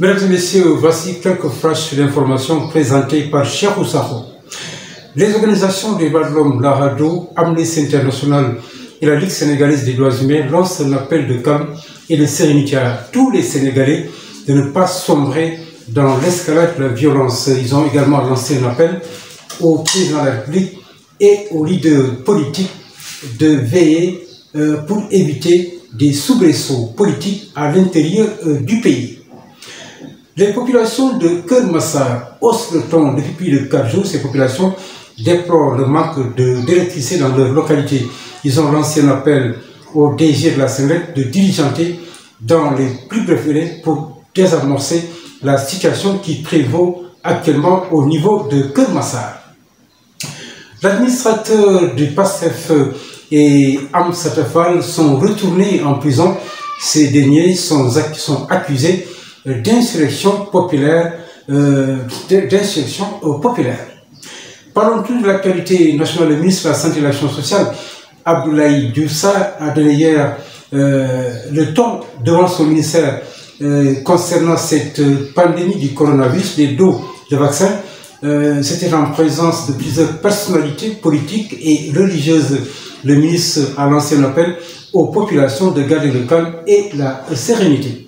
Mesdames et messieurs, voici quelques flashs sur l'information présentée par Cheikh Oussako. Les organisations des droits de l'homme, la et la Ligue sénégalaise des droits humains lancent un appel de calme et de sérénité tous les Sénégalais de ne pas sombrer dans l'escalade la violence. Ils ont également lancé un appel au président de la République et aux leaders politiques de veiller euh, pour éviter des soubresauts politiques à l'intérieur euh, Les populations de Kermassar haussent le ton depuis plus de 4 jours. Ces populations déplorent le manque d'électricité dans leur localité. Ils ont lancé un appel au DG de la SENELEC de diligenter dans les plus brefs pour désamorcer la situation qui prévaut actuellement au niveau de Kermassar. L'administrateur du PASTEF et Am Satafal sont retournés en prison. Ces derniers sont accusés Euh, d'insurrection populaire, euh, d'insurrection euh, populaire. Parlons tout de l'actualité nationale. Le ministre de la Santé et de l'Action sociale, Abdoulaye Doussa, a donné hier euh, le ton devant son ministère euh, concernant cette euh, pandémie du coronavirus, des dos de vaccins. Euh, C'était en présence de plusieurs personnalités politiques et religieuses. Le ministre a lancé un appel aux populations de garder le calme et la sérénité.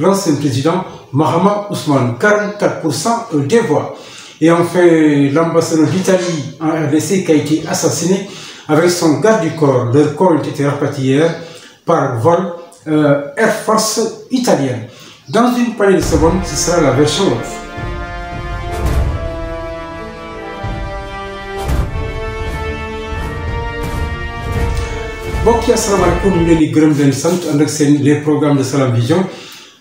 l'ancien président Mahama Ousmane, 44% euh, des voix. enfin, l'ambassadeur d'Italie a été assassiné avec son garde du corps. Leur corps ont été par vol euh, Air Force italienne. Dans une poignée de secondes, ce sera la version off. mbokk yi asalaamaaleykum ñu ngi leen di gërëm di leen sant ànd ak seen les programmes de Salam Vision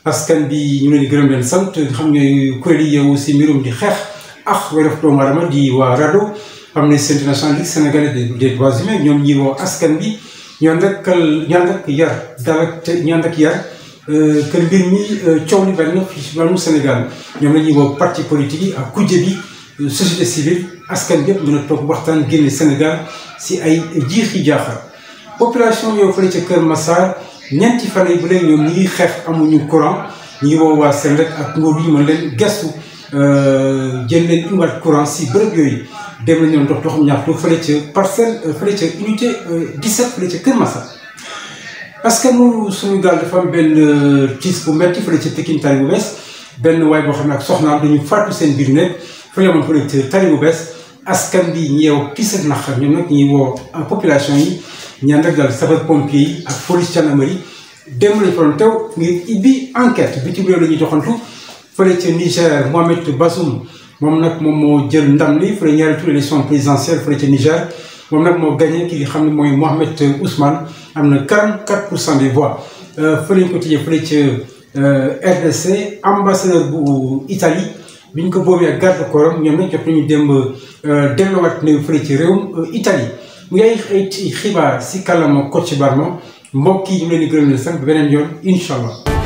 askan bi ñu leen di gërëm leen sant xam ne kuréel yi yow si mbirum di xeex ak wérof doomu aadama di waa RADDHO Amnesty International Ligue sénégalaise des droits humains ñoom ñi woo askan bi ñu ànd ak ñu ànd ak yar dal ak ñu ànd ak yar euh, que mbir euh, Sénégal ñoom la ñuy woo parti politique yi ak kujje bi euh, société civile askan bi yëpp mën a toog waxtaan génne Sénégal si ay jiixi jaaxal population yow fële ca Kër Massar ñeenti fan yi bu leen ñoom ñi ngi xeex amuñu courant ñi ngi woo waa seen rek ak nguur yi mën leen gestu euh, jël leen indiwaat courant si bërëb yooyu dem nañu dox doxam ñaxtu fële ca parcelle euh, fële ca unité 17 euh, fële ca Kër Massa. parce que nu suñu gaal dafa am benn tiis bu metti fële ca Pikine bu bees benn waay boo xam ne ak soxnaam dañu fàttu seen biir nekk fële moom fële ca tali bu bees. askan bi ñeew ki seen naqar ñoom nag ñuy woo population yi ñaan rek daal sapeur pompier yi ak police gendarmerie démb lañu fa doon teew ngir ibbi enquête bitim réew la ñuy doxantu fële Niger Mohamed Bazoum moom nag moom moo jël ndam li fële ñaari tur élection présidentielle fële ca Niger moom nag kii gagné ki xam ne mooy Mohamed Ousmane am na 44 pour cent des voix euh, fële ñu ko tijjee fële ca euh, RDC bu Italie bi ñu ko boobee ak garde corps am ñoom nag jot nañu dem euh, delluwaat ne fële ci réewum euh, Italie mu yaay ay xibaar si kàllaama Kocc Barma mbokk yi ñu leen di gërëm leen beneen yoon incha allah.